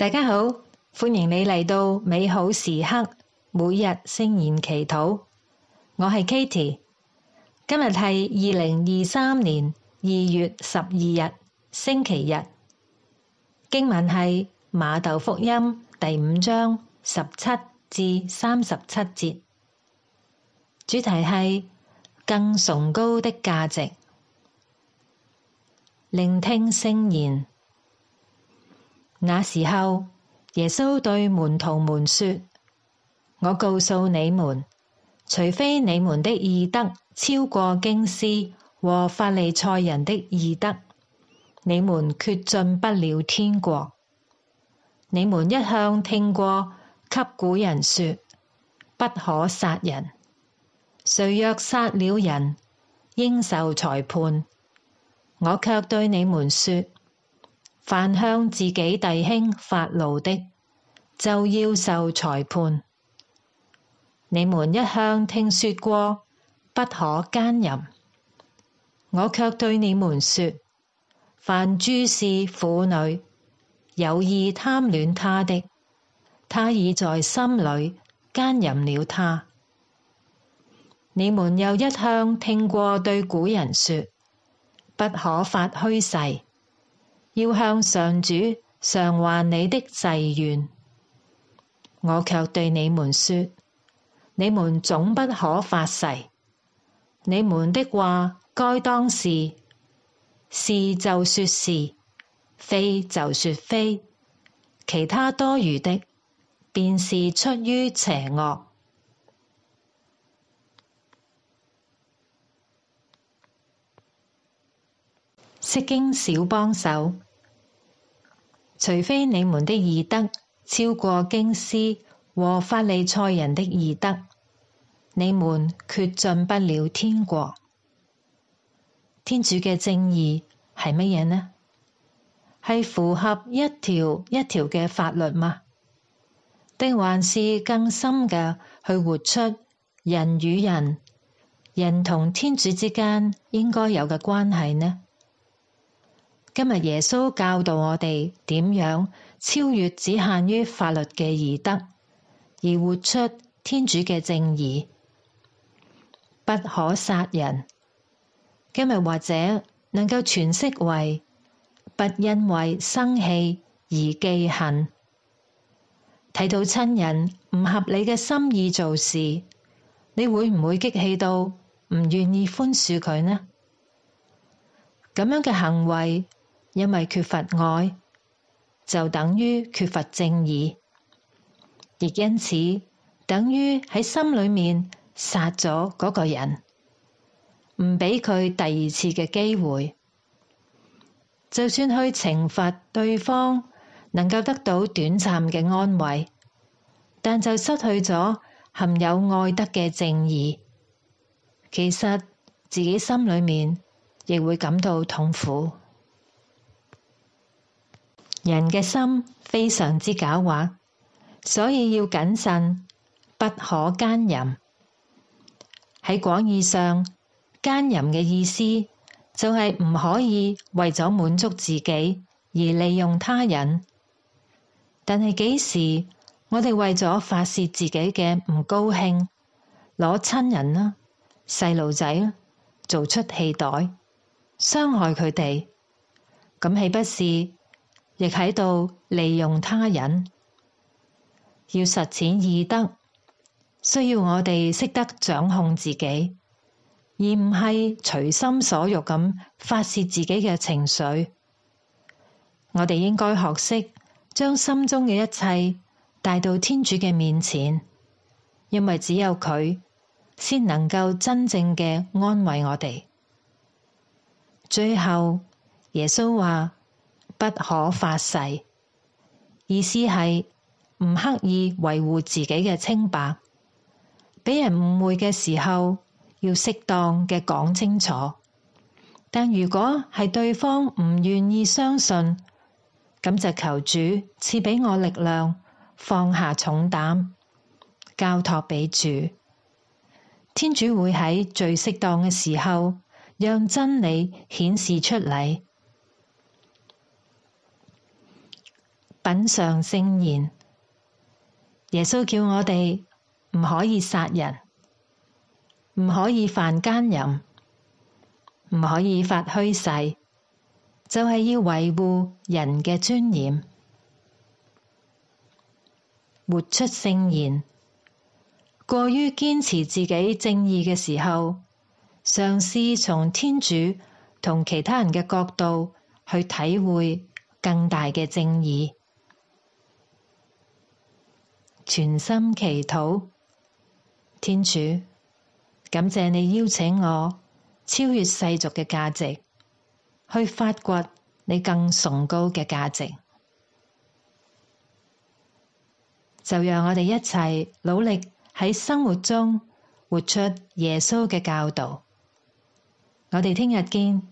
大家好，歡迎你嚟到美好時刻每日聖言祈禱，我係 Katy，今日係二零二三年二月十二日星期日，經文係馬竇福音第五章十七至三十七節，主題係更崇高的價值，聆聽聖言。那時候，耶穌對門徒們說：我告訴你們，除非你們的義德超過經師和法利賽人的義德，你們決進不了天國。你們一向聽過，給古人說不可殺人，誰若殺了人，應受裁判。我卻對你們說：凡向自己弟兄發怒的，就要受裁判。你們一向聽說過不可姦淫，我却對你們說：凡注視婦女有意貪戀她的，他已在心裏姦淫了她。你們又一向聽過對古人說不可發虛誓。要向上主償還你的誓願，我卻對你們說：你們總不可發誓。你們的話該當是，是就說是，非就說非，其他多餘的，便是出於邪惡。釋經小幫手，除非你們的義德超過經師和法利賽人的義德，你們決進不了天國。天主嘅正義係乜嘢呢？係符合一條一條嘅法律嗎？定還是更深嘅去活出人與人、人同天主之間應該有嘅關係呢？今日耶穌教導我哋點樣超越只限於法律嘅義德，而活出天主嘅正義，不可殺人。今日或者能夠詮釋為不因為生氣而記恨，睇到親人唔合你嘅心意做事，你會唔會激氣到唔願意寬恕佢呢？咁樣嘅行為。因為缺乏愛，就等於缺乏正義，亦因此等於喺心裏面殺咗嗰個人，唔俾佢第二次嘅機會。就算去懲罰對方，能夠得到短暫嘅安慰，但就失去咗含有愛德嘅正義。其實自己心裏面亦會感到痛苦。人嘅心非常之狡猾，所以要謹慎，不可姦淫。喺廣義上，姦淫嘅意思就係唔可以為咗滿足自己而利用他人。但係幾時我哋為咗發洩自己嘅唔高興，攞親人啦、細路仔啦，做出氣袋，傷害佢哋，咁豈不是？亦喺度利用他人，要實踐義德，需要我哋識得掌控自己，而唔係隨心所欲咁發洩自己嘅情緒。我哋應該學識將心中嘅一切帶到天主嘅面前，因為只有佢先能夠真正嘅安慰我哋。最後，耶穌話。不可發誓，意思係唔刻意維護自己嘅清白，俾人誤會嘅時候要適當嘅講清楚。但如果係對方唔願意相信，咁就求主賜俾我力量，放下重擔，交託俾主。天主會喺最適當嘅時候，讓真理顯示出嚟。品嚐聖言，耶穌叫我哋唔可以殺人，唔可以犯奸淫，唔可以發虛誓，就係要維護人嘅尊嚴，活出聖言。過於堅持自己正義嘅時候，嘗試從天主同其他人嘅角度去體會更大嘅正義。全心祈禱，天主，感謝祢邀請我超越世俗嘅價值，去發掘祢更崇高嘅價值。就讓我哋一齊努力喺生活中活出耶穌嘅教導。我哋聽日見。